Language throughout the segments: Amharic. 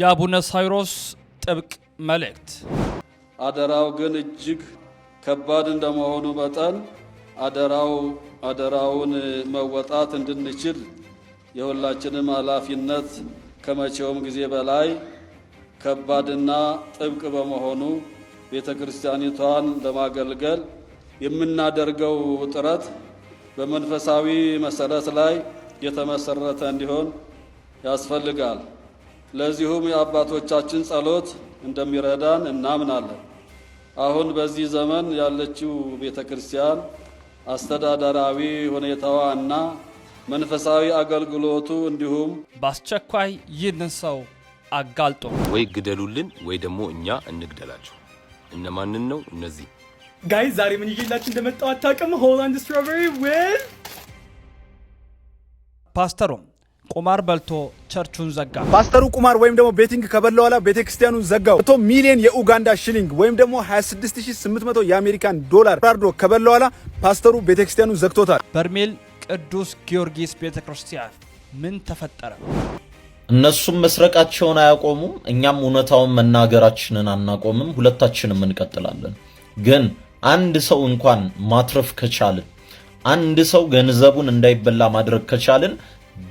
የአቡነ ሳይሮስ ጥብቅ መልእክት። አደራው ግን እጅግ ከባድ እንደመሆኑ መጠን አደራው አደራውን መወጣት እንድንችል የሁላችንም ኃላፊነት ከመቼውም ጊዜ በላይ ከባድና ጥብቅ በመሆኑ ቤተ ክርስቲያኒቷን ለማገልገል የምናደርገው ጥረት በመንፈሳዊ መሰረት ላይ የተመሰረተ እንዲሆን ያስፈልጋል። ለዚሁም የአባቶቻችን ጸሎት እንደሚረዳን እናምናለን። አሁን በዚህ ዘመን ያለችው ቤተ ክርስቲያን አስተዳደራዊ ሁኔታዋ እና መንፈሳዊ አገልግሎቱ እንዲሁም በአስቸኳይ ይህንን ሰው አጋልጦ ወይ ግደሉልን ወይ ደግሞ እኛ እንግደላቸው። እነማንን ነው እነዚህ? ጋይ ዛሬ ምን ይዤላችሁ እንደመጣው አታውቅም። ሆላንድ ስትሮበሪ ዌል ፓስተሮም ቁማር በልቶ ቸርቹን ዘጋ። ፓስተሩ ቁማር ወይም ደግሞ ቤቲንግ ከበላ ኋላ ቤተክርስቲያኑን ዘጋው። መቶ ሚሊዮን የኡጋንዳ ሽሊንግ ወይም ደግሞ 26800 የአሜሪካን ዶላር ራርዶ ከበላ በኋላ ፓስተሩ ቤተክርስቲያኑን ዘግቶታል። በርሜል ቅዱስ ጊዮርጊስ ቤተክርስቲያን ምን ተፈጠረ? እነሱም መስረቃቸውን አያቆሙም፣ እኛም እውነታውን መናገራችንን አናቆምም። ሁለታችንም እንቀጥላለን። ግን አንድ ሰው እንኳን ማትረፍ ከቻልን፣ አንድ ሰው ገንዘቡን እንዳይበላ ማድረግ ከቻልን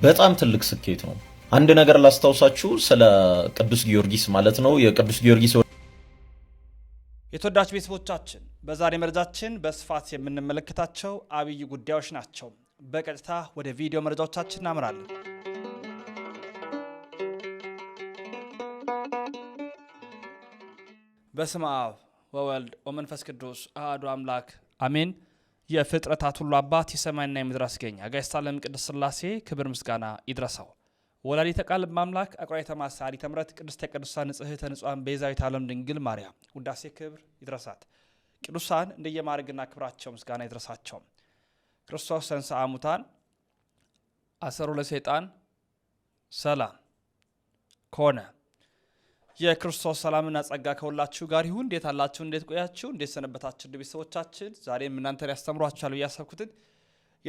በጣም ትልቅ ስኬት ነው። አንድ ነገር ላስታውሳችሁ ስለ ቅዱስ ጊዮርጊስ ማለት ነው። የቅዱስ ጊዮርጊስ የተወዳጅ ቤተሰቦቻችን በዛሬ መረጃችን በስፋት የምንመለከታቸው አብይ ጉዳዮች ናቸው። በቀጥታ ወደ ቪዲዮ መረጃዎቻችን እናምራለን። በስመ አብ ወወልድ ወመንፈስ ቅዱስ አህዱ አምላክ አሜን። የፍጥረታት ሁሉ አባት የሰማይና የምድር አስገኝ አጋዕዝተ ዓለም ቅድስት ሥላሴ ክብር ምስጋና ይድረሰው። ወላዲተ ቃል ማምላክ አቁራይተ ማሳሪ ተምረት ቅድስተ ቅዱሳን ንጽሕተ ንጹሐን ቤዛዊት ዓለም ድንግል ማርያም ውዳሴ ክብር ይድረሳት። ቅዱሳን እንደየማድረግና ክብራቸው ምስጋና ይድረሳቸው። ክርስቶስ ተንሥአ እሙታን አሰሮ ለሰይጣን ሰላም ኮነ የክርስቶስ ሰላምና ጸጋ ከሁላችሁ ጋር ይሁን። እንዴት አላችሁ? እንዴት ቆያችሁ? እንዴት ሰነበታችሁ? እንደ ሰዎቻችን ዛሬም እናንተን ያስተምሯችኋል ብዬ ያሰብኩትን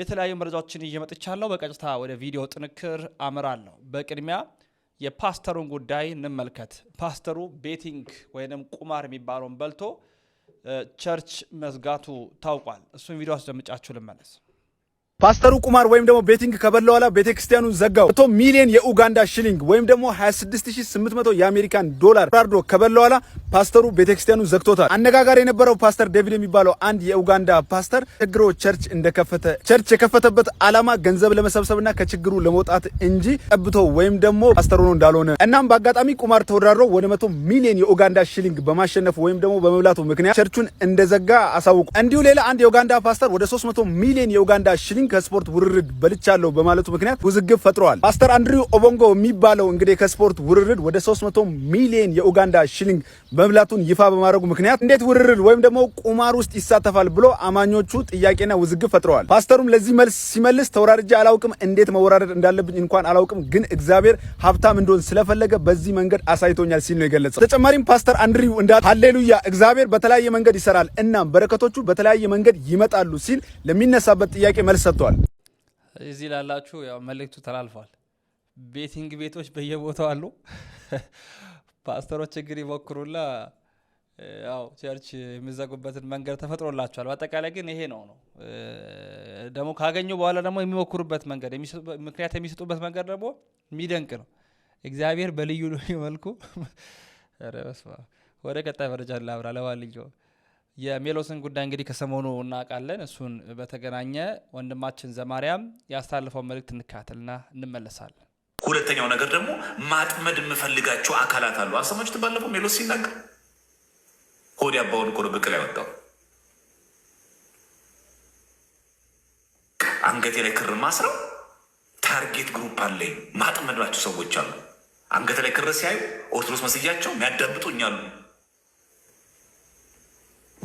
የተለያዩ መረጃዎችን እየመጥቻለሁ። በቀጥታ ወደ ቪዲዮ ጥንክር አመራለሁ። በቅድሚያ የፓስተሩን ጉዳይ እንመልከት። ፓስተሩ ቤቲንግ ወይንም ቁማር የሚባለውን በልቶ ቸርች መዝጋቱ ታውቋል። እሱን ቪዲዮ አስደምጫችሁ ልመለስ። ፓስተሩ ቁማር ወይም ደግሞ ቤቲንግ ከበላ በኋላ ቤተክርስቲያኑን ዘጋው። መቶ ሚሊዮን የኡጋንዳ ሽሊንግ ወይም ደግሞ 26800 የአሜሪካን ዶላር ራርዶ ከበላ በኋላ ፓስተሩ ቤተክርስቲያኑን ዘግቶታል። አነጋጋሪ የነበረው ፓስተር ዴቪድ የሚባለው አንድ የኡጋንዳ ፓስተር ችግሮ ቸርች እንደከፈተ ቸርች የከፈተበት ዓላማ ገንዘብ ለመሰብሰብና ከችግሩ ለመውጣት እንጂ ጠብቶ ወይም ደግሞ ፓስተር ሆኖ እንዳልሆነ እናም በአጋጣሚ ቁማር ተወዳድሮ ወደ መቶ ሚሊዮን የኡጋንዳ ሽሊንግ በማሸነፉ ወይም ደግሞ በመብላቱ ምክንያት ቸርቹን እንደዘጋ አሳውቁ። እንዲሁ ሌላ አንድ የኡጋንዳ ፓስተር ወደ 300 ሚሊዮን የኡጋንዳ ሽሊንግ ከስፖርት ውርርድ በልቻለሁ በማለቱ ምክንያት ውዝግብ ፈጥረዋል። ፓስተር አንድሪው ኦቦንጎ የሚባለው እንግዲህ ከስፖርት ውርርድ ወደ 300 ሚሊዮን የኡጋንዳ ሽሊንግ መብላቱን ይፋ በማድረጉ ምክንያት እንዴት ውርርድ ወይም ደግሞ ቁማር ውስጥ ይሳተፋል ብሎ አማኞቹ ጥያቄና ውዝግብ ፈጥረዋል። ፓስተሩም ለዚህ መልስ ሲመልስ ተወራርጄ አላውቅም፣ እንዴት መወራረድ እንዳለብኝ እንኳን አላውቅም፣ ግን እግዚአብሔር ሀብታም እንደሆን ስለፈለገ በዚህ መንገድ አሳይቶኛል ሲል ነው የገለጸው። ተጨማሪም ፓስተር አንድሪው እንዳ ሀሌሉያ እግዚአብሔር በተለያየ መንገድ ይሰራል፣ እናም በረከቶቹ በተለያየ መንገድ ይመጣሉ ሲል ለሚነሳበት ጥያቄ መልስ መጥቷል። እዚህ ላላችሁ ያው መልእክቱ ተላልፏል። ቤቲንግ ቤቶች በየቦታው አሉ። ፓስተሮች እንግዲህ ይሞክሩላ ያው ቸርች የሚዘጉበትን መንገድ ተፈጥሮላቸዋል። በአጠቃላይ ግን ይሄ ነው ነው ደግሞ ካገኙ በኋላ ደግሞ የሚሞክሩበት መንገድ ምክንያት የሚሰጡበት መንገድ ደግሞ የሚደንቅ ነው። እግዚአብሔር በልዩ ልዩ መልኩ ወደ ቀጣይ መረጃ ላብራ ለባልየው የሜሎስን ጉዳይ እንግዲህ ከሰሞኑ እናውቃለን። እሱን በተገናኘ ወንድማችን ዘማርያም ያስተላልፈው መልእክት እንካተልና እንመለሳለን። ሁለተኛው ነገር ደግሞ ማጥመድ የምፈልጋቸው አካላት አሉ። አሰማችሁት? ባለፈው ሜሎስ ሲናገር ሆዲ ያባውን እኮ ብቅ ላይ ወጣው አንገቴ ላይ ክር ማስረው ታርጌት ግሩፕ አለኝ ማጥመድባቸው ሰዎች አሉ። አንገቴ ላይ ክር ሲያዩ ኦርቶዶክስ መስያቸው የሚያዳምጡኝ አሉ።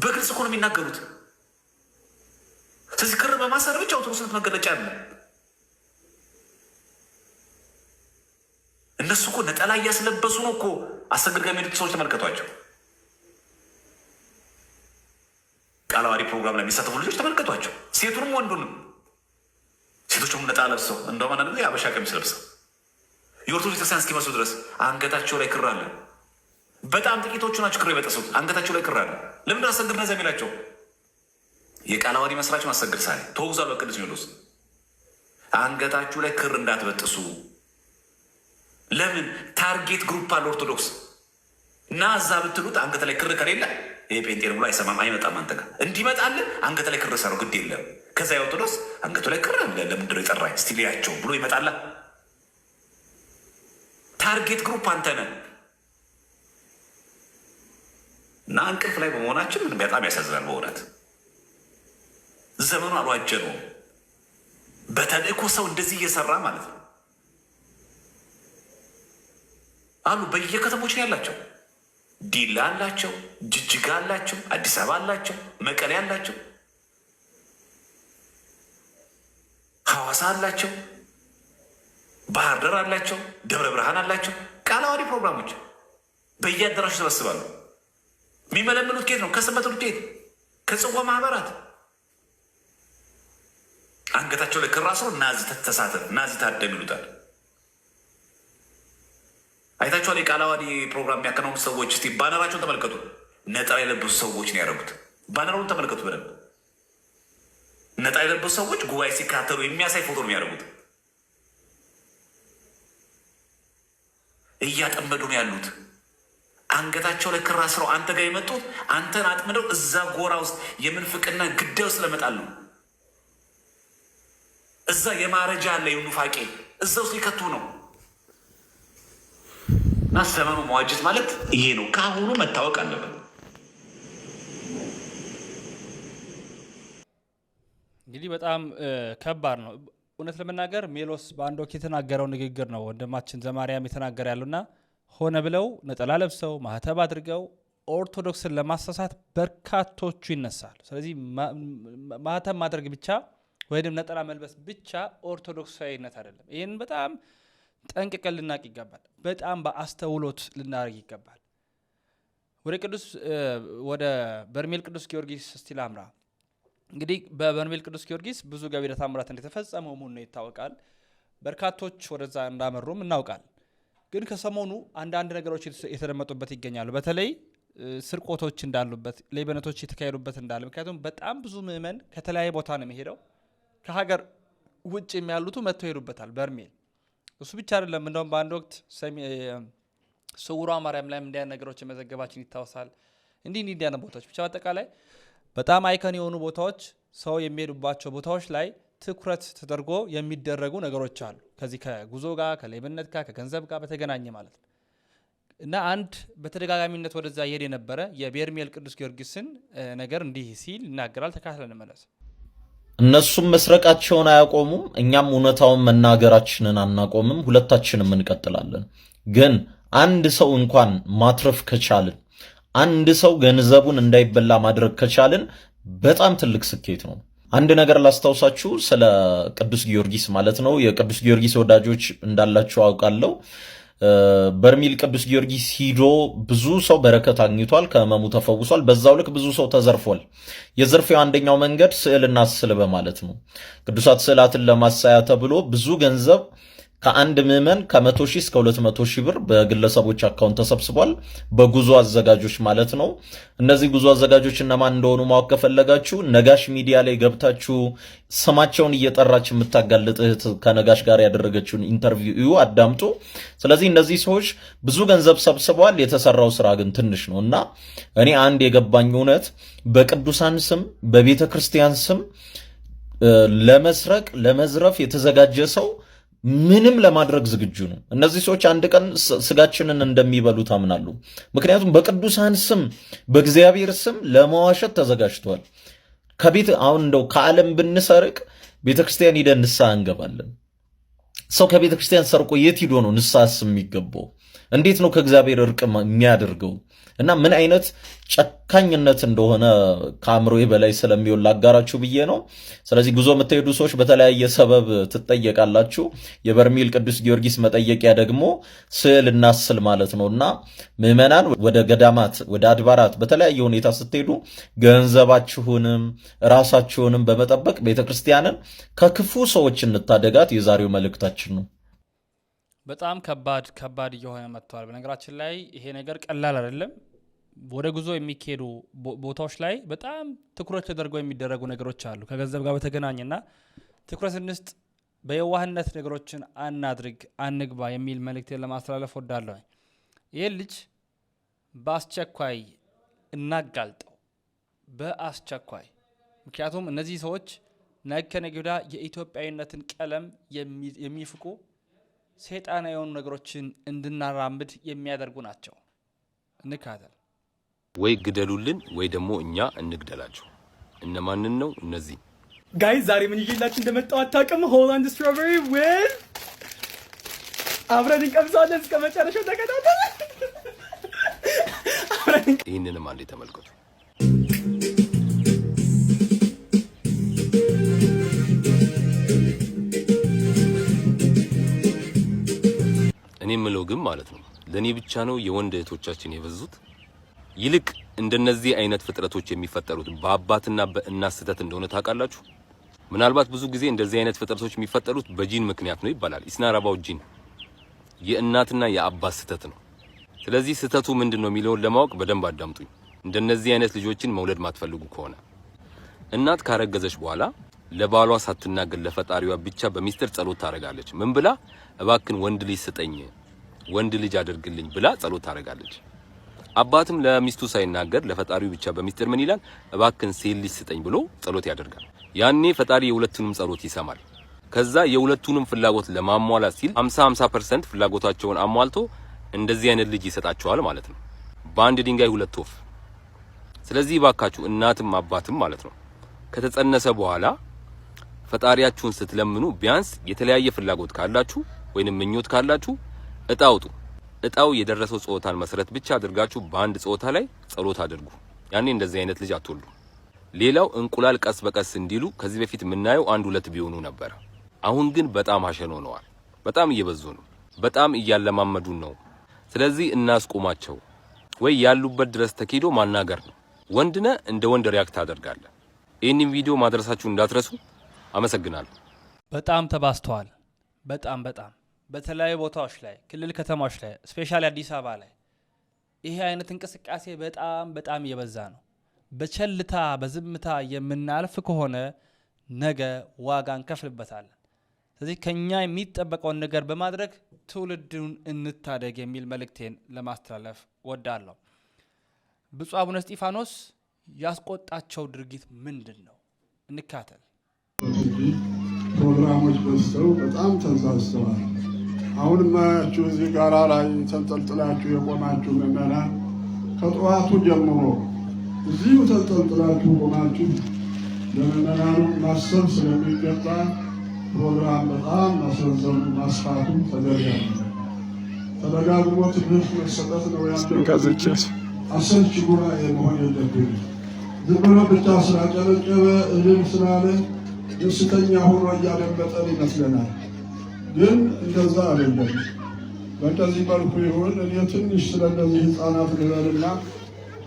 በግልጽ እኮ ነው የሚናገሩት። ስለዚህ ክር በማሰር ብቻ ኦርቶዶክስነት መገለጫ ያለ እነሱ እኮ ነጠላ እያስለበሱ ነው እኮ አሰግድ ጋር የሚሄዱት ሰዎች ተመልከቷቸው። ቃለዋሪ ፕሮግራም ላይ የሚሳተፉ ልጆች ተመልከቷቸው፣ ሴቱንም ወንዱንም። ሴቶች ደግሞ ለብሰው እንደውም አንዳንድ ጊዜ ቀሚስ ለብሰው የኦርቶዶክስ ቤተክርስቲያን እስኪመስሉ ድረስ አንገታቸው ላይ ክር አለ። በጣም ጥቂቶቹ ናቸው ክር የበጠሱት። አንገታቸው ላይ ክር አለ። ለምንድን አሰግድ ነዚ የሚላቸው? የቃላዋዲ መስራች ማሰግድ ሳ ተወግዟል ቅዱስ ሚሎስ። አንገታችሁ ላይ ክር እንዳትበጥሱ። ለምን ታርጌት ግሩፕ አለ ኦርቶዶክስ እና እዛ ብትሉት አንገት ላይ ክር ከሌለ ይሄ ጴንጤ ብሎ አይሰማም፣ አይመጣም። አንተ ጋር እንዲመጣልህ አንገት ላይ ክር ሰረው ግድ የለም። ከዛ የኦርቶዶክስ አንገቱ ላይ ክር አለ ለምንድን ነው የጠራኝ ስቲሊያቸው ብሎ ይመጣላ። ታርጌት ግሩፕ አንተ ነህ። እና እንቅልፍ ላይ በመሆናችን በጣም ያሳዝናል። በእውነት ዘመኑ አሏጀ ነው። በተልእኮ ሰው እንደዚህ እየሰራ ማለት ነው አሉ። በየከተሞች ነው ያላቸው። ዲላ አላቸው፣ ጅጅጋ አላቸው፣ አዲስ አበባ አላቸው፣ መቀሌ አላቸው፣ ሐዋሳ አላቸው፣ ባህር ዳር አላቸው፣ ደብረ ብርሃን አላቸው። ቃለ ፕሮግራሞች በየአዳራሹ ይሰበስባሉ። የሚመለምሉት ኬት ነው? ከስመት ውጤት ከጽዋ ማህበራት አንገታቸው ላይ ክር አስሮ ናዚ ተሳተፍ ናዚ ታደም ይሉታል። አይታችኋል። የቃላዋዲ ፕሮግራም የሚያከናውኑ ሰዎች እስኪ ባነራቸውን ተመልከቱ። ነጠላ የለበሱ ሰዎች ነው ያደረጉት። ባነራውን ተመልከቱ በደንብ። ነጠላ የለበሱ ሰዎች ጉባኤ ሲከታተሉ የሚያሳይ ፎቶ ነው የሚያደርጉት። እያጠመዱ ነው ያሉት። አንገታቸው ላይ ክራ ስረው አንተ ጋር የመጡት አንተን አጥምደው እዛ ጎራ ውስጥ የምንፍቅና ግዳ ውስጥ ለመጣሉ እዛ የማረጃ አለ የኑፋቄ እዛ ውስጥ ሊከቱ ነው። እና ዘመኑ መዋጀት ማለት ይሄ ነው። ከአሁኑ መታወቅ አለበት። እንግዲህ በጣም ከባድ ነው። እውነት ለመናገር ሜሎስ በአንድ ወቅት የተናገረው ንግግር ነው ወንድማችን ዘማርያም የተናገረ ያሉና ሆነ ብለው ነጠላ ለብሰው ማህተብ አድርገው ኦርቶዶክስን ለማሳሳት በርካቶቹ ይነሳል ስለዚህ ማህተብ ማድረግ ብቻ ወይም ነጠላ መልበስ ብቻ ኦርቶዶክሳዊነት አይደለም። ይህን በጣም ጠንቅቀን ልናቅ ይገባል። በጣም በአስተውሎት ልናደርግ ይገባል። ወደ ቅዱስ ወደ በርሜል ቅዱስ ጊዮርጊስ ስቲል ላምራ። እንግዲህ በበርሜል ቅዱስ ጊዮርጊስ ብዙ ገቢረ እንደተፈጸመ መሆኑ ይታወቃል። በርካቶች ወደዛ እንዳመሩም እናውቃል። ግን ከሰሞኑ አንዳንድ ነገሮች የተደመጡበት ይገኛሉ። በተለይ ስርቆቶች እንዳሉበት፣ ሌብነቶች የተካሄዱበት እንዳለ ምክንያቱም በጣም ብዙ ምዕመን ከተለያየ ቦታ ነው የሚሄደው። ከሀገር ውጭ የሚያሉቱ መጥተው ይሄዱበታል በርሜል። እሱ ብቻ አይደለም። እንደውም በአንድ ወቅት ስውሯ ማርያም ላይ እንዲያን ነገሮች የመዘገባችን ይታወሳል። እንዲህ እንዲህ ቦታዎች ብቻ በአጠቃላይ በጣም አይከን የሆኑ ቦታዎች ሰው የሚሄዱባቸው ቦታዎች ላይ ትኩረት ተደርጎ የሚደረጉ ነገሮች አሉ። ከዚህ ከጉዞ ጋር ከሌብነት ጋር ከገንዘብ ጋር በተገናኘ ማለት ነው እና አንድ በተደጋጋሚነት ወደዛ ይሄድ የነበረ የቤርሜል ቅዱስ ጊዮርጊስን ነገር እንዲህ ሲል ይናገራል። ተካትለን መለስ እነሱም መስረቃቸውን አያቆሙም፣ እኛም እውነታውን መናገራችንን አናቆምም። ሁለታችንም እንቀጥላለን። ግን አንድ ሰው እንኳን ማትረፍ ከቻልን፣ አንድ ሰው ገንዘቡን እንዳይበላ ማድረግ ከቻልን በጣም ትልቅ ስኬት ነው። አንድ ነገር ላስታውሳችሁ ስለ ቅዱስ ጊዮርጊስ ማለት ነው። የቅዱስ ጊዮርጊስ ወዳጆች እንዳላችሁ አውቃለሁ። በርሚል ቅዱስ ጊዮርጊስ ሂዶ ብዙ ሰው በረከት አግኝቷል፣ ከህመሙ ተፈውሷል። በዛው ልክ ብዙ ሰው ተዘርፏል። የዘርፌው አንደኛው መንገድ ስዕልና ስዕል በማለት ነው። ቅዱሳት ስዕላትን ለማሳያ ተብሎ ብዙ ገንዘብ ከአንድ ምዕመን ከመቶ ሺህ እስከ 200 ሺህ ብር በግለሰቦች አካውንት ተሰብስቧል። በጉዞ አዘጋጆች ማለት ነው። እነዚህ ጉዞ አዘጋጆች እነማን እንደሆኑ ማወቅ ከፈለጋችሁ ነጋሽ ሚዲያ ላይ ገብታችሁ ስማቸውን እየጠራች የምታጋልጥ እህት ከነጋሽ ጋር ያደረገችውን ኢንተርቪው አዳምጡ። ስለዚህ እነዚህ ሰዎች ብዙ ገንዘብ ሰብስበዋል። የተሰራው ስራ ግን ትንሽ ነው እና እኔ አንድ የገባኝ እውነት በቅዱሳን ስም በቤተ ክርስቲያን ስም ለመስረቅ ለመዝረፍ የተዘጋጀ ሰው ምንም ለማድረግ ዝግጁ ነው። እነዚህ ሰዎች አንድ ቀን ስጋችንን እንደሚበሉ ታምናሉ። ምክንያቱም በቅዱሳን ስም በእግዚአብሔር ስም ለመዋሸት ተዘጋጅተዋል። ከቤት አሁን እንደው ከዓለም ብንሰርቅ ቤተክርስቲያን ሂደን ንስሐ እንገባለን። ሰው ከቤተክርስቲያን ሰርቆ የት ሂዶ ነው ንስሐስ የሚገባው? እንዴት ነው ከእግዚአብሔር እርቅ የሚያደርገው? እና ምን አይነት ጨካኝነት እንደሆነ ከአእምሮ በላይ ስለሚሆን ላጋራችሁ ብዬ ነው። ስለዚህ ጉዞ የምትሄዱ ሰዎች በተለያየ ሰበብ ትጠየቃላችሁ። የበርሜል ቅዱስ ጊዮርጊስ መጠየቂያ ደግሞ ስዕል እናስል ማለት ነው እና ምዕመናን ወደ ገዳማት፣ ወደ አድባራት በተለያየ ሁኔታ ስትሄዱ ገንዘባችሁንም ራሳችሁንም በመጠበቅ ቤተክርስቲያንን ከክፉ ሰዎች እንታደጋት የዛሬው መልእክታችን ነው። በጣም ከባድ ከባድ እየሆነ መጥተዋል። በነገራችን ላይ ይሄ ነገር ቀላል አይደለም። ወደ ጉዞ የሚካሄዱ ቦታዎች ላይ በጣም ትኩረት ተደርገው የሚደረጉ ነገሮች አሉ። ከገንዘብ ጋር በተገናኘና ትኩረት እንስጥ፣ በየዋህነት ነገሮችን አናድርግ፣ አንግባ የሚል መልእክቴን ለማስተላለፍ ወዳለሁ። ይህ ልጅ በአስቸኳይ እናጋልጠው፣ በአስቸኳይ ምክንያቱም እነዚህ ሰዎች ነገ ከነገ ወዲያ የኢትዮጵያዊነትን ቀለም የሚፍቁ ሰይጣና የሆኑ ነገሮችን እንድናራምድ የሚያደርጉ ናቸው። እንካተል ወይ ግደሉልን ወይ ደግሞ እኛ እንግደላቸው። እነማንን ነው እነዚህ? ጋይ ዛሬ ምን ይዤላችሁ እንደመጣው አታውቅም። ሆላንድ ስትሮበሪ ዌል አብረን እንቀምሳለን። እስከ መጨረሻው ተከታተል። ይህንንም አንዴ ተመልከቱ። እኔ የምለው ግን ማለት ነው ለእኔ ብቻ ነው የወንድ እህቶቻችን የበዙት? ይልቅ እንደነዚህ አይነት ፍጥረቶች የሚፈጠሩት በአባትና በእናት ስህተት እንደሆነ ታውቃላችሁ። ምናልባት ብዙ ጊዜ እንደዚህ አይነት ፍጥረቶች የሚፈጠሩት በጂን ምክንያት ነው ይባላል። ኢስናራባው ጂን የእናትና የአባት ስህተት ነው። ስለዚህ ስህተቱ ምንድን ነው የሚለውን ለማወቅ በደንብ አዳምጡኝ። እንደነዚህ አይነት ልጆችን መውለድ ማትፈልጉ ከሆነ እናት ካረገዘች በኋላ ለባሏ ሳትናገር ለፈጣሪዋ ብቻ በሚስጥር ጸሎት ታደርጋለች። ምን ብላ? እባክን ወንድ ልጅ ስጠኝ ወንድ ልጅ አድርግልኝ ብላ ጸሎት ታደርጋለች። አባትም ለሚስቱ ሳይናገር ለፈጣሪው ብቻ በሚስጥር ምን ይላል? እባክን ሴት ልጅ ስጠኝ ብሎ ጸሎት ያደርጋል። ያኔ ፈጣሪ የሁለቱንም ጸሎት ይሰማል። ከዛ የሁለቱንም ፍላጎት ለማሟላት ሲል 50 50% ፍላጎታቸውን አሟልቶ እንደዚህ አይነት ልጅ ይሰጣቸዋል ማለት ነው። በአንድ ድንጋይ ሁለት ወፍ። ስለዚህ እባካችሁ እናትም አባትም ማለት ነው ከተጸነሰ በኋላ ፈጣሪያችሁን ስትለምኑ ቢያንስ የተለያየ ፍላጎት ካላችሁ ወይንም ምኞት ካላችሁ እጣ አውጡ። እጣው የደረሰው ጾታን መሰረት ብቻ አድርጋችሁ በአንድ ጾታ ላይ ጸሎት አድርጉ። ያኔ እንደዚህ አይነት ልጅ አትወልዱ። ሌላው እንቁላል ቀስ በቀስ እንዲሉ ከዚህ በፊት የምናየው አንድ ሁለት ቢሆኑ ነበር። አሁን ግን በጣም ሀሸን ሆነዋል። በጣም እየበዙ ነው። በጣም እያለማመዱን ነው። ስለዚህ እናስቆማቸው ወይ ያሉበት ድረስ ተኪዶ ማናገር ነው። ወንድነ እንደ ወንድ ሪያክት አደርጋለ። ይህንን ቪዲዮ ማድረሳችሁ እንዳትረሱ። አመሰግናለሁ። በጣም ተባስተዋል። በጣም በጣም በተለያዩ ቦታዎች ላይ ክልል ከተማዎች ላይ ስፔሻሊ አዲስ አበባ ላይ ይሄ አይነት እንቅስቃሴ በጣም በጣም እየበዛ ነው። በቸልታ በዝምታ የምናልፍ ከሆነ ነገ ዋጋ እንከፍልበታለን። ስለዚህ ከኛ የሚጠበቀውን ነገር በማድረግ ትውልድን እንታደግ የሚል መልእክቴን ለማስተላለፍ ወዳለሁ። ብፁዕ አቡነ እስጢፋኖስ ያስቆጣቸው ድርጊት ምንድን ነው? እንካተል ፕሮግራሞች በስተው በጣም ተንሳስተዋል። አሁን ማያችሁ እዚህ ጋራ ላይ ተንጠልጥላችሁ የቆማችሁ ምዕመናን ከጠዋቱ ጀምሮ እዚሁ ተንጠልጥላችሁ ቆማችሁ ለምዕመናኑ ማሰብ ስለሚገባ ፕሮግራም በጣም ማሰብሰቡ ማስፋቱ ተደርጓል። ተደጋግሞ ትምህርት መሰጠት ነው ያለ አሰልች ጉባኤ መሆን የለብንም። ዝም ብሎ ብቻ ስላጨበጨበ እልል ስላለ ደስተኛ ሆኖ እያደመጠን ይመስለናል። ግን እንደዛ አይደለም። በእንደዚህ መልኩ ይሁን። እኔ ትንሽ ስለ እነዚህ ህፃናት ልበልና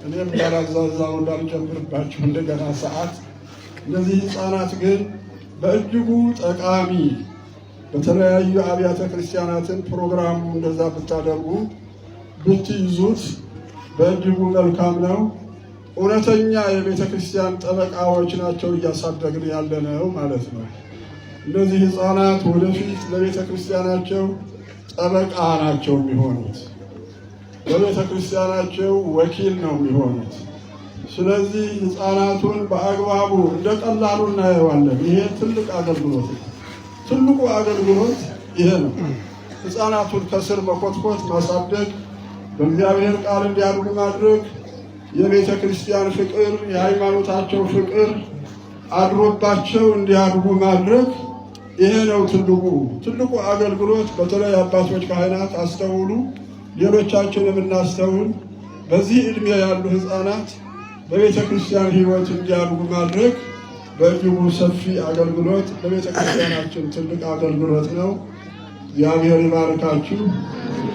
እኔም እንዳላዛዛው እንዳልጨምርባቸው እንደገና ሰዓት። እነዚህ ህፃናት ግን በእጅጉ ጠቃሚ በተለያዩ አብያተ ክርስቲያናትን ፕሮግራሙ እንደዛ ብታደርጉ ብትይዙት በእጅጉ መልካም ነው። እውነተኛ የቤተ ክርስቲያን ጠበቃዎች ናቸው እያሳደግን ያለነው ማለት ነው። እነዚህ ህፃናት ወደፊት ለቤተ ክርስቲያናቸው ጠበቃ ናቸው የሚሆኑት፣ ለቤተ ክርስቲያናቸው ወኪል ነው የሚሆኑት። ስለዚህ ህፃናቱን በአግባቡ እንደ ቀላሉ እናየዋለን። ይሄ ትልቅ አገልግሎት ነው። ትልቁ አገልግሎት ይሄ ነው። ህፃናቱን ከስር በኮትኮት ማሳደግ፣ በእግዚአብሔር ቃል እንዲያድጉ ማድረግ የቤተ ክርስቲያን ፍቅር፣ የሃይማኖታቸው ፍቅር አድሮባቸው እንዲያድጉ ማድረግ ይሄ ነው ትልቁ ትልቁ አገልግሎት። በተለይ አባቶች ካህናት አስተውሉ፣ ሌሎቻችን የምናስተውል በዚህ እድሜ ያሉ ህፃናት በቤተ ክርስቲያን ህይወት እንዲያድጉ ማድረግ በእጅጉ ሰፊ አገልግሎት በቤተ ክርስቲያናችን ትልቅ አገልግሎት ነው። እግዚአብሔር ይባርካችሁ።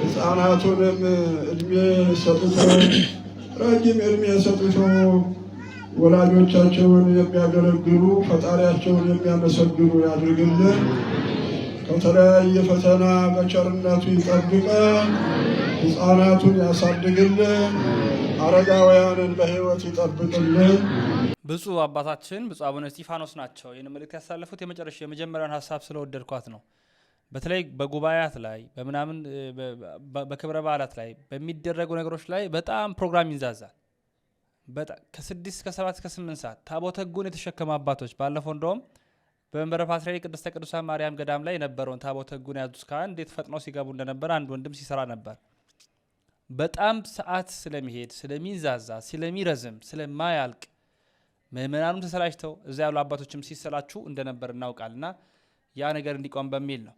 ህፃናቱንም እድሜ ሰጥቶ ረጅም እድሜ ሰጥቶ ወላጆቻቸውን የሚያገለግሉ ፈጣሪያቸውን የሚያመሰግኑ ያድርግልን። ከተለያየ ፈተና በቸርነቱ ይጠብቀን። ሕፃናቱን ያሳድግልን። አረጋውያንን በሕይወት ይጠብቅልን። ብፁዕ አባታችን ብፁዕ አቡነ እስጢፋኖስ ናቸው። ይህን መልእክት ያሳለፉት የመጨረሻ የመጀመሪያውን ሀሳብ ስለወደድኳት ነው። በተለይ በጉባኤያት ላይ በምናምን በክብረ በዓላት ላይ በሚደረጉ ነገሮች ላይ በጣም ፕሮግራም ይንዛዛል። ከስድስት ከሰባት እስከ ስምንት ሰዓት ታቦተ ሕጉን የተሸከሙ አባቶች ባለፈው እንደውም በመንበረ ፓትርያርክ ቅድስተ ቅዱሳን ማርያም ገዳም ላይ የነበረውን ታቦተ ሕጉን ያዙት ካህን እንዴት ፈጥነው ሲገቡ እንደነበር አንድ ወንድም ሲሰራ ነበር። በጣም ሰዓት ስለሚሄድ ስለሚንዛዛ፣ ስለሚረዝም፣ ስለማያልቅ ምእመናኑም ተሰላችተው እዚያ ያሉ አባቶችም ሲሰላችሁ እንደነበር እናውቃልና ያ ነገር እንዲቆም በሚል ነው።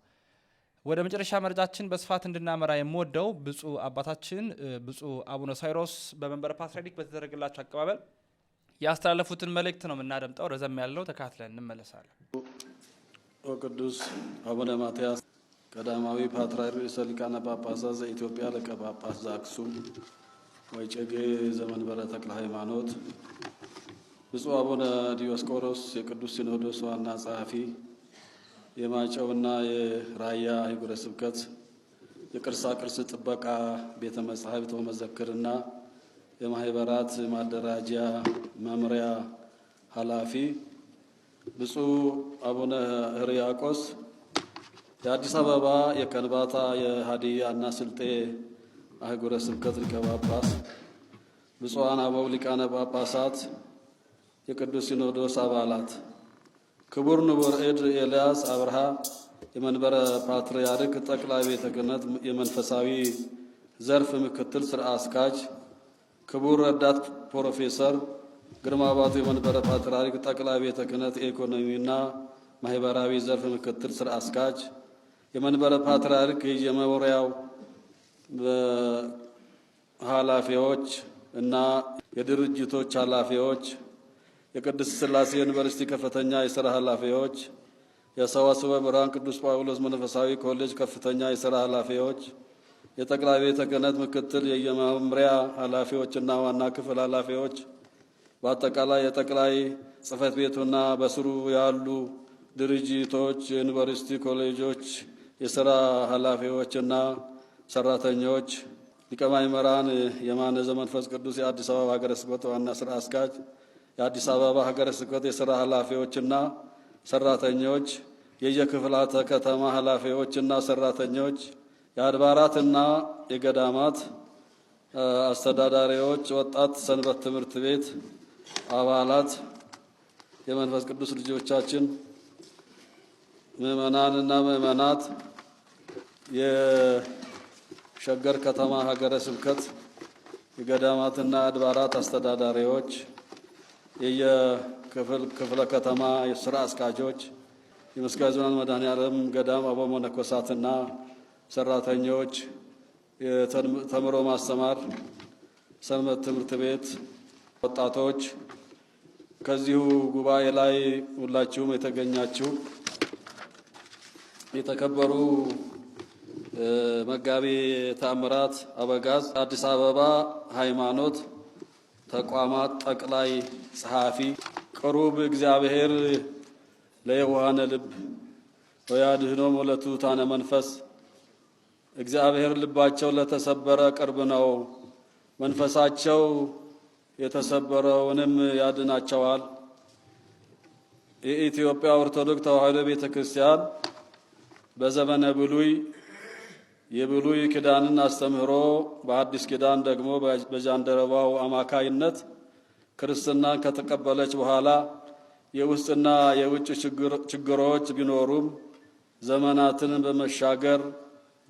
ወደ መጨረሻ መረጃችን በስፋት እንድናመራ የምወደው ብፁዕ አባታችን ብፁዕ አቡነ ሳይሮስ በመንበረ ፓትርያርክ በተደረገላቸው አቀባበል ያስተላለፉትን መልእክት ነው የምናደምጠው። ረዘም ያለው ተካትለን እንመለሳለን። ቅዱስ አቡነ ማትያስ ቀዳማዊ ፓትርያርክ ርዕሰ ሊቃነ ጳጳሳት ዘኢትዮጵያ ሊቀ ጳጳስ ዘአክሱም ወዕጨጌ ዘመንበረ ተክለ ሃይማኖት፣ ብፁዕ አቡነ ዲዮስቆሮስ የቅዱስ ሲኖዶስ ዋና ጸሐፊ የማጨውና የራያ አህጉረ ስብከት የቅርሳ ቅርስ ጥበቃ ቤተ መጻሕፍት ወመዘክርና የማህበራት ማደራጃ መምሪያ ኃላፊ ብፁዕ አቡነ ሕርያቆስ የአዲስ አበባ የከንባታ የሀዲያ እና ስልጤ አህጉረ ስብከት ሊቀ ጳጳስ፣ ብፁዓን አበው ሊቃነ ጳጳሳት፣ የቅዱስ ሲኖዶስ አባላት ክቡር ንቡር ኤድ ኤልያስ አብርሃ የመንበረ ፓትርያርክ ጠቅላይ ቤተ ክህነት የመንፈሳዊ ዘርፍ ምክትል ስራ አስኪያጅ፣ ክቡር ረዳት ፕሮፌሰር ግርማ ባቱ የመንበረ ፓትርያርክ ጠቅላይ ቤተ ክህነት የኢኮኖሚና ማህበራዊ ዘርፍ ምክትል ስራ አስኪያጅ፣ የመንበረ ፓትርያርክ የመወሪያው ኃላፊዎች እና የድርጅቶች ኃላፊዎች የቅድስት ስላሴ ዩኒቨርሲቲ ከፍተኛ የሥራ ኃላፊዎች፣ የሰዋስወ ብርሃን ቅዱስ ጳውሎስ መንፈሳዊ ኮሌጅ ከፍተኛ የሥራ ኃላፊዎች፣ የጠቅላይ ቤተ ክህነት ምክትል የየመምሪያ ኃላፊዎችና ዋና ክፍል ኃላፊዎች፣ በአጠቃላይ የጠቅላይ ጽህፈት ቤቱና በስሩ ያሉ ድርጅቶች፣ የዩኒቨርሲቲ ኮሌጆች የሥራ ኃላፊዎችና ሰራተኞች፣ ሊቀ ማእምራን የማነ ዘመንፈስ ቅዱስ የአዲስ አበባ ሀገረ ስብከት ዋና ሥራ አስኪያጅ የአዲስ አበባ ሀገረ ስብከት የሥራ ኃላፊዎችና ሠራተኞች፣ የየክፍላተ ከተማ ኃላፊዎችና ሠራተኞች፣ የአድባራትና የገዳማት አስተዳዳሪዎች፣ ወጣት ሰንበት ትምህርት ቤት አባላት፣ የመንፈስ ቅዱስ ልጆቻችን፣ ምዕመናንና ምዕመናት፣ የሸገር ከተማ ሀገረ ስብከት የገዳማትና አድባራት አስተዳዳሪዎች ክፍለ ከተማ የስራ አስኪያጆች፣ የመስቀል ዞን መድኃኔዓለም ገዳም አበው መነኮሳትና ሰራተኞች፣ የተምሮ ማስተማር ሰንበት ትምህርት ቤት ወጣቶች፣ ከዚሁ ጉባኤ ላይ ሁላችሁም የተገኛችሁ የተከበሩ መጋቢ ተአምራት አበጋዝ አዲስ አበባ ሃይማኖት ተቋማት ጠቅላይ ጸሐፊ ቅሩብ እግዚአብሔር ለየዋሃነ ልብ ወያድኅኖ ለትሑታነ መንፈስ እግዚአብሔር ልባቸው ለተሰበረ ቅርብ ነው፣ መንፈሳቸው የተሰበረውንም ያድናቸዋል። የኢትዮጵያ ኦርቶዶክስ ተዋሕዶ ቤተ ክርስቲያን በዘመነ ብሉይ የብሉይ ኪዳንን አስተምህሮ በአዲስ ኪዳን ደግሞ በጃንደረባው አማካይነት ክርስትናን ከተቀበለች በኋላ የውስጥና የውጭ ችግሮች ቢኖሩም ዘመናትን በመሻገር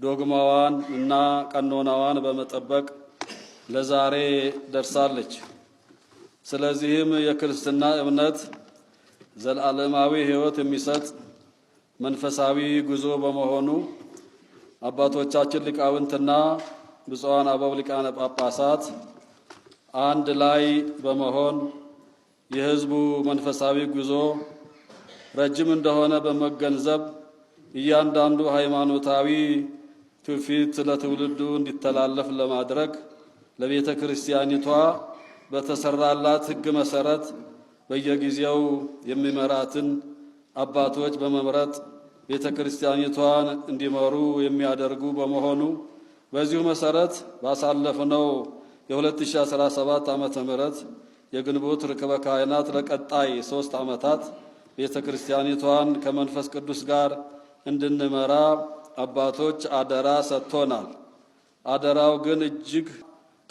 ዶግማዋን እና ቀኖናዋን በመጠበቅ ለዛሬ ደርሳለች። ስለዚህም የክርስትና እምነት ዘላለማዊ ሕይወት የሚሰጥ መንፈሳዊ ጉዞ በመሆኑ አባቶቻችን ሊቃውንትና ብፁዓን አበው ሊቃነ ጳጳሳት አንድ ላይ በመሆን የሕዝቡ መንፈሳዊ ጉዞ ረጅም እንደሆነ በመገንዘብ እያንዳንዱ ሃይማኖታዊ ትውፊት ለትውልዱ እንዲተላለፍ ለማድረግ ለቤተ ክርስቲያኒቷ በተሰራላት ሕግ መሰረት በየጊዜው የሚመራትን አባቶች በመምረጥ ቤተ ክርስቲያኒቷን እንዲመሩ የሚያደርጉ በመሆኑ በዚሁ መሰረት ባሳለፍነው የ2017 ዓ ም የግንቦት ርክበ ካህናት ለቀጣይ ሶስት ዓመታት ቤተ ክርስቲያኒቷን ከመንፈስ ቅዱስ ጋር እንድንመራ አባቶች አደራ ሰጥቶናል። አደራው ግን እጅግ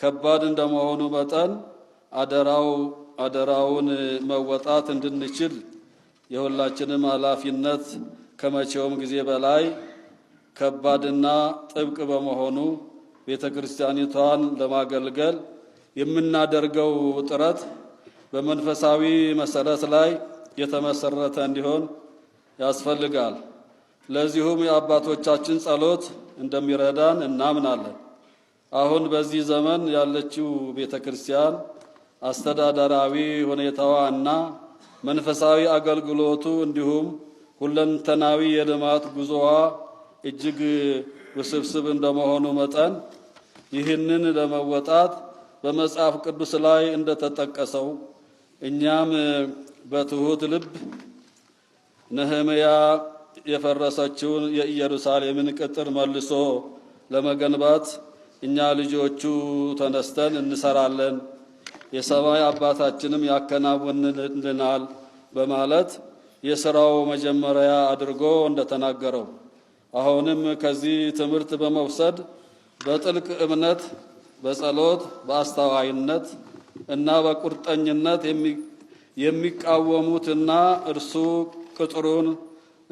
ከባድ እንደመሆኑ መጠን አደራው አደራውን መወጣት እንድንችል የሁላችንም ኃላፊነት ከመቼውም ጊዜ በላይ ከባድና ጥብቅ በመሆኑ ቤተ ክርስቲያኒቷን ለማገልገል የምናደርገው ጥረት በመንፈሳዊ መሰረት ላይ የተመሰረተ እንዲሆን ያስፈልጋል። ለዚሁም የአባቶቻችን ጸሎት እንደሚረዳን እናምናለን። አሁን በዚህ ዘመን ያለችው ቤተ ክርስቲያን አስተዳደራዊ ሁኔታዋ እና መንፈሳዊ አገልግሎቱ እንዲሁም ሁለንተናዊ የልማት ጉዞዋ እጅግ ውስብስብ እንደመሆኑ መጠን ይህንን ለመወጣት በመጽሐፍ ቅዱስ ላይ እንደተጠቀሰው እኛም በትሑት ልብ ነህምያ የፈረሰችውን የኢየሩሳሌምን ቅጥር መልሶ ለመገንባት እኛ ልጆቹ ተነስተን እንሰራለን፣ የሰማይ አባታችንም ያከናውንልናል በማለት የሥራው መጀመሪያ አድርጎ እንደተናገረው አሁንም ከዚህ ትምህርት በመውሰድ በጥልቅ እምነት፣ በጸሎት፣ በአስተዋይነት እና በቁርጠኝነት የሚቃወሙትና እርሱ ቅጥሩን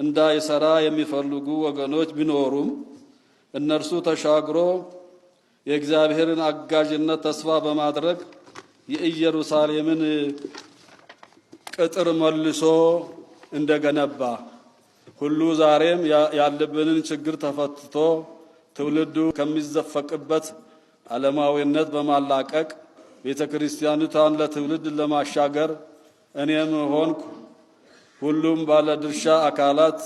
እንዳይሰራ የሚፈልጉ ወገኖች ቢኖሩም እነርሱ ተሻግሮ የእግዚአብሔርን አጋዥነት ተስፋ በማድረግ የኢየሩሳሌምን ቅጥር መልሶ እንደገነባ ሁሉ ዛሬም ያለብንን ችግር ተፈትቶ ትውልዱ ከሚዘፈቅበት ዓለማዊነት በማላቀቅ ቤተ ክርስቲያኒቷን ለትውልድ ለማሻገር እኔም ሆንኩ ሁሉም ባለድርሻ አካላት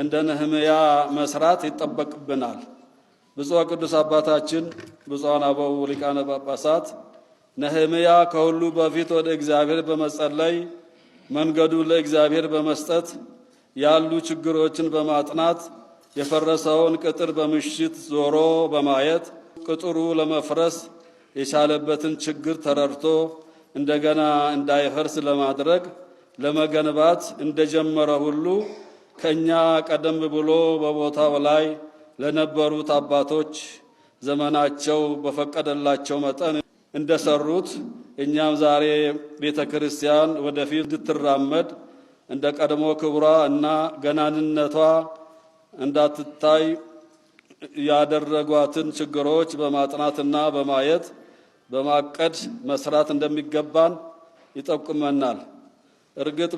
እንደ ነህምያ መስራት ይጠበቅብናል። ብፁዕ ቅዱስ አባታችን ብፁዓን አበው ሊቃነ ጳጳሳት ነህምያ ከሁሉ በፊት ወደ እግዚአብሔር በመጸለይ መንገዱ ለእግዚአብሔር በመስጠት ያሉ ችግሮችን በማጥናት የፈረሰውን ቅጥር በምሽት ዞሮ በማየት ቅጥሩ ለመፍረስ የቻለበትን ችግር ተረድቶ እንደገና እንዳይፈርስ ለማድረግ ለመገንባት እንደጀመረ ሁሉ ከእኛ ቀደም ብሎ በቦታው ላይ ለነበሩት አባቶች ዘመናቸው በፈቀደላቸው መጠን እንደሰሩት እኛም ዛሬ ቤተ ክርስቲያን ወደፊት እንድትራመድ እንደ ቀድሞ ክብሯ እና ገናንነቷ እንዳትታይ ያደረጓትን ችግሮች በማጥናትና በማየት በማቀድ መስራት እንደሚገባን ይጠቁመናል። እርግጥ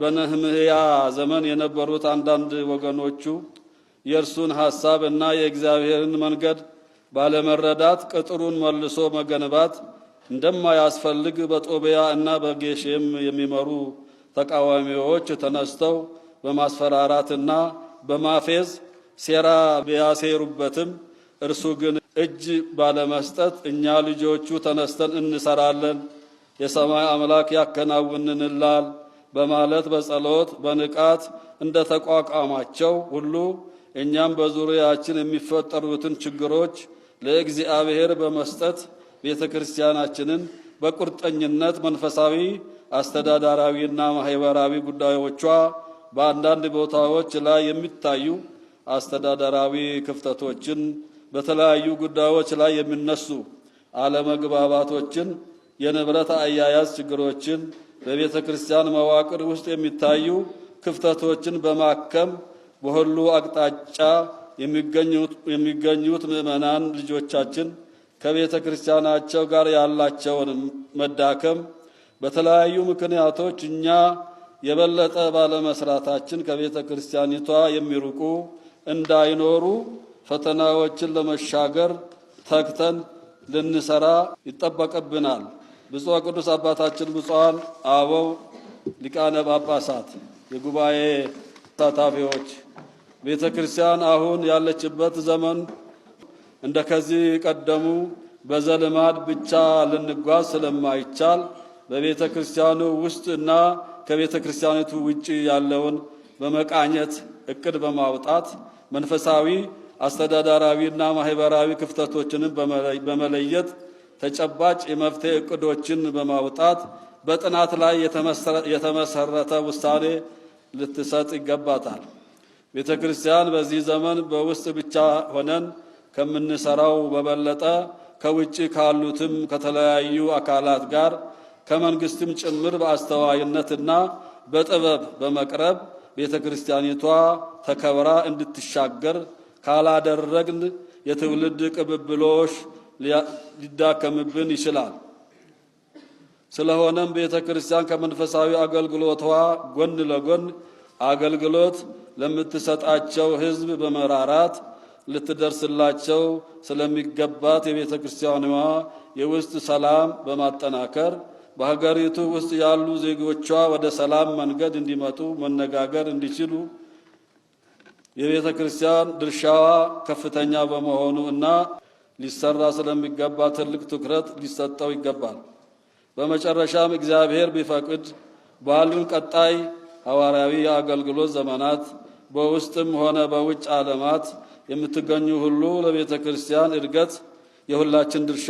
በነህምያ ዘመን የነበሩት አንዳንድ ወገኖቹ የእርሱን ሐሳብ እና የእግዚአብሔርን መንገድ ባለመረዳት ቅጥሩን መልሶ መገንባት እንደማያስፈልግ በጦቢያ እና በጌሽም የሚመሩ ተቃዋሚዎች ተነስተው በማስፈራራትና በማፌዝ ሴራ ቢያሴሩበትም እርሱ ግን እጅ ባለመስጠት እኛ ልጆቹ ተነስተን እንሰራለን፣ የሰማይ አምላክ ያከናውንንላል በማለት በጸሎት በንቃት እንደ ተቋቋማቸው ሁሉ እኛም በዙሪያችን የሚፈጠሩትን ችግሮች ለእግዚአብሔር በመስጠት ቤተ ክርስቲያናችንን በቁርጠኝነት መንፈሳዊ፣ አስተዳዳራዊና ማህበራዊ ጉዳዮቿ በአንዳንድ ቦታዎች ላይ የሚታዩ አስተዳደራዊ ክፍተቶችን፣ በተለያዩ ጉዳዮች ላይ የሚነሱ አለመግባባቶችን፣ የንብረት አያያዝ ችግሮችን፣ በቤተ ክርስቲያን መዋቅር ውስጥ የሚታዩ ክፍተቶችን በማከም በሁሉ አቅጣጫ የሚገኙት ምዕመናን ልጆቻችን ከቤተ ክርስቲያናቸው ጋር ያላቸውን መዳከም በተለያዩ ምክንያቶች እኛ የበለጠ ባለመስራታችን ከቤተ ክርስቲያኒቷ የሚርቁ እንዳይኖሩ ፈተናዎችን ለመሻገር ተግተን ልንሰራ ይጠበቅብናል። ብፁዕ ቅዱስ አባታችን ብፁዓን አበው ሊቃነ ጳጳሳት፣ የጉባኤ ተሳታፊዎች ቤተ ክርስቲያን አሁን ያለችበት ዘመን እንደ ከዚህ ቀደሙ በዘልማድ ብቻ ልንጓዝ ስለማይቻል በቤተ ክርስቲያኑ ውስጥ እና ከቤተ ክርስቲያኒቱ ውጭ ያለውን በመቃኘት እቅድ በማውጣት መንፈሳዊ፣ አስተዳደራዊ እና ማህበራዊ ክፍተቶችንም በመለየት ተጨባጭ የመፍትሄ እቅዶችን በማውጣት በጥናት ላይ የተመሰረተ ውሳኔ ልትሰጥ ይገባታል። ቤተ ክርስቲያን በዚህ ዘመን በውስጥ ብቻ ሆነን ከምንሰራው በበለጠ ከውጭ ካሉትም ከተለያዩ አካላት ጋር ከመንግስትም ጭምር በአስተዋይነትና በጥበብ በመቅረብ ቤተ ክርስቲያኒቷ ተከብራ እንድትሻገር ካላደረግን የትውልድ ቅብብሎሽ ሊዳከምብን ይችላል። ስለሆነም ቤተ ክርስቲያን ከመንፈሳዊ አገልግሎቷ ጎን ለጎን አገልግሎት ለምትሰጣቸው ሕዝብ በመራራት ልትደርስላቸው ስለሚገባት የቤተ ክርስቲያኗ የውስጥ ሰላም በማጠናከር በሀገሪቱ ውስጥ ያሉ ዜጎቿ ወደ ሰላም መንገድ እንዲመጡ መነጋገር እንዲችሉ የቤተ ክርስቲያን ድርሻዋ ከፍተኛ በመሆኑ እና ሊሰራ ስለሚገባ ትልቅ ትኩረት ሊሰጠው ይገባል። በመጨረሻም እግዚአብሔር ቢፈቅድ ባሉን ቀጣይ ሐዋርያዊ የአገልግሎት ዘመናት በውስጥም ሆነ በውጭ ዓለማት የምትገኙ ሁሉ ለቤተ ክርስቲያን እድገት የሁላችን ድርሻ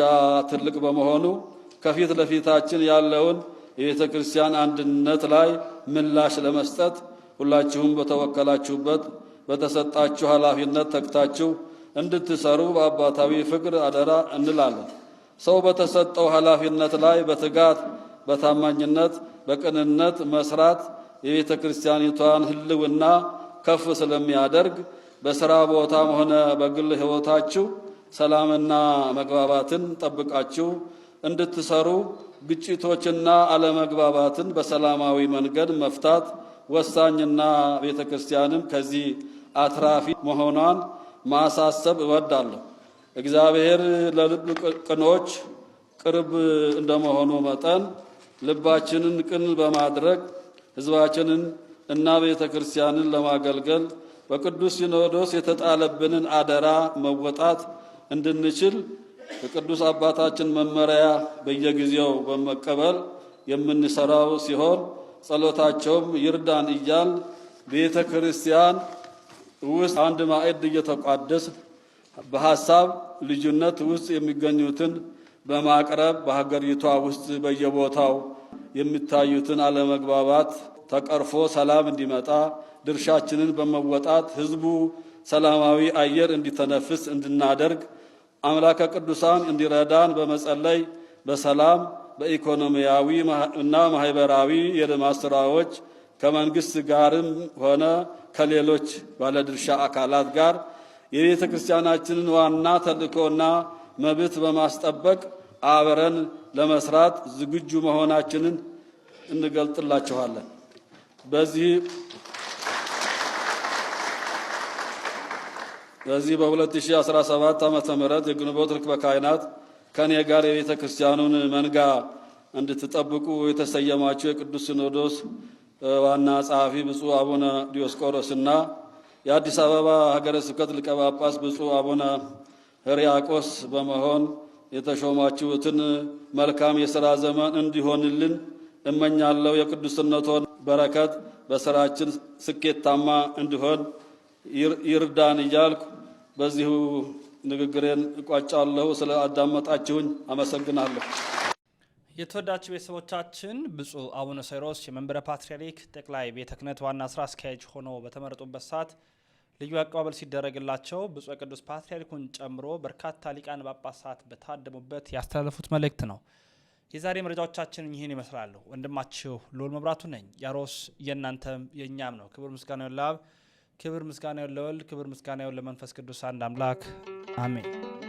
ትልቅ በመሆኑ ከፊት ለፊታችን ያለውን የቤተ ክርስቲያን አንድነት ላይ ምላሽ ለመስጠት ሁላችሁም በተወከላችሁበት በተሰጣችሁ ኃላፊነት ተግታችሁ እንድትሰሩ በአባታዊ ፍቅር አደራ እንላለን። ሰው በተሰጠው ኃላፊነት ላይ በትጋት በታማኝነት በቅንነት መስራት የቤተ ክርስቲያኒቷን ሕልውና ከፍ ስለሚያደርግ በሥራ ቦታም ሆነ በግል ሕይወታችሁ ሰላምና መግባባትን ጠብቃችሁ እንድትሰሩ ግጭቶችና አለመግባባትን በሰላማዊ መንገድ መፍታት ወሳኝና ቤተ ክርስቲያንም ከዚህ አትራፊ መሆኗን ማሳሰብ እወዳለሁ። እግዚአብሔር ለልብ ቅኖች ቅርብ እንደመሆኑ መጠን ልባችንን ቅን በማድረግ ህዝባችንን እና ቤተ ክርስቲያንን ለማገልገል በቅዱስ ሲኖዶስ የተጣለብንን አደራ መወጣት እንድንችል የቅዱስ አባታችን መመሪያ በየጊዜው በመቀበል የምንሰራው ሲሆን ጸሎታቸውም ይርዳን እያል ቤተ ክርስቲያን ውስጥ አንድ ማዕድ እየተቋደስ በሀሳብ ልዩነት ውስጥ የሚገኙትን በማቅረብ በሀገሪቷ ውስጥ በየቦታው የሚታዩትን አለመግባባት ተቀርፎ ሰላም እንዲመጣ ድርሻችንን በመወጣት ህዝቡ ሰላማዊ አየር እንዲተነፍስ እንድናደርግ አምላከ ቅዱሳን እንዲረዳን በመጸለይ በሰላም በኢኮኖሚያዊ እና ማህበራዊ የልማት ስራዎች ከመንግስት ጋርም ሆነ ከሌሎች ባለድርሻ አካላት ጋር የቤተ ክርስቲያናችንን ዋና ተልእኮና መብት በማስጠበቅ አብረን ለመስራት ዝግጁ መሆናችንን እንገልጥላችኋለን። በዚህ በዚህ በ2017 ዓመተ ምህረት የግንቦት ርክበ ካህናት ከኔ ጋር የቤተ ክርስቲያኑን መንጋ እንድትጠብቁ የተሰየማቸው የቅዱስ ሲኖዶስ ዋና ጸሐፊ ብፁዕ አቡነ ዲዮስቆሮስና የአዲስ አበባ ሀገረ ስብከት ሊቀ ጳጳስ ብፁዕ አቡነ ሕርያቆስ በመሆን የተሾማችሁትን መልካም የሥራ ዘመን እንዲሆንልን እመኛለሁ። የቅዱስነቶን በረከት በሥራችን ስኬታማ እንዲሆን ይርዳን እያልኩ በዚሁ ንግግሬን እቋጫለሁ። ስለ አዳመጣችሁኝ አመሰግናለሁ። የተወዳጅ ቤተሰቦቻችን ብፁዕ አቡነ ሳይሮስ የመንበረ ፓትርያርክ ጠቅላይ ቤተ ክህነት ዋና ስራ አስኪያጅ ሆነው በተመረጡበት ሰዓት ልዩ አቀባበል ሲደረግላቸው ብፁዕ ቅዱስ ፓትርያርኩን ጨምሮ በርካታ ሊቃነ ጳጳሳት በታደሙበት ያስተላለፉት መልእክት ነው። የዛሬ መረጃዎቻችን ይህን ይመስላሉ። ወንድማችሁ ልዑል መብራቱ ነኝ። ያሮስ የእናንተም የእኛም ነው። ክብር ምስጋና ለአብ ክብር ምስጋና ይሁን ለወልድ፣ ክብር ምስጋና ይሁን ለመንፈስ ቅዱስ አንድ አምላክ አሜን።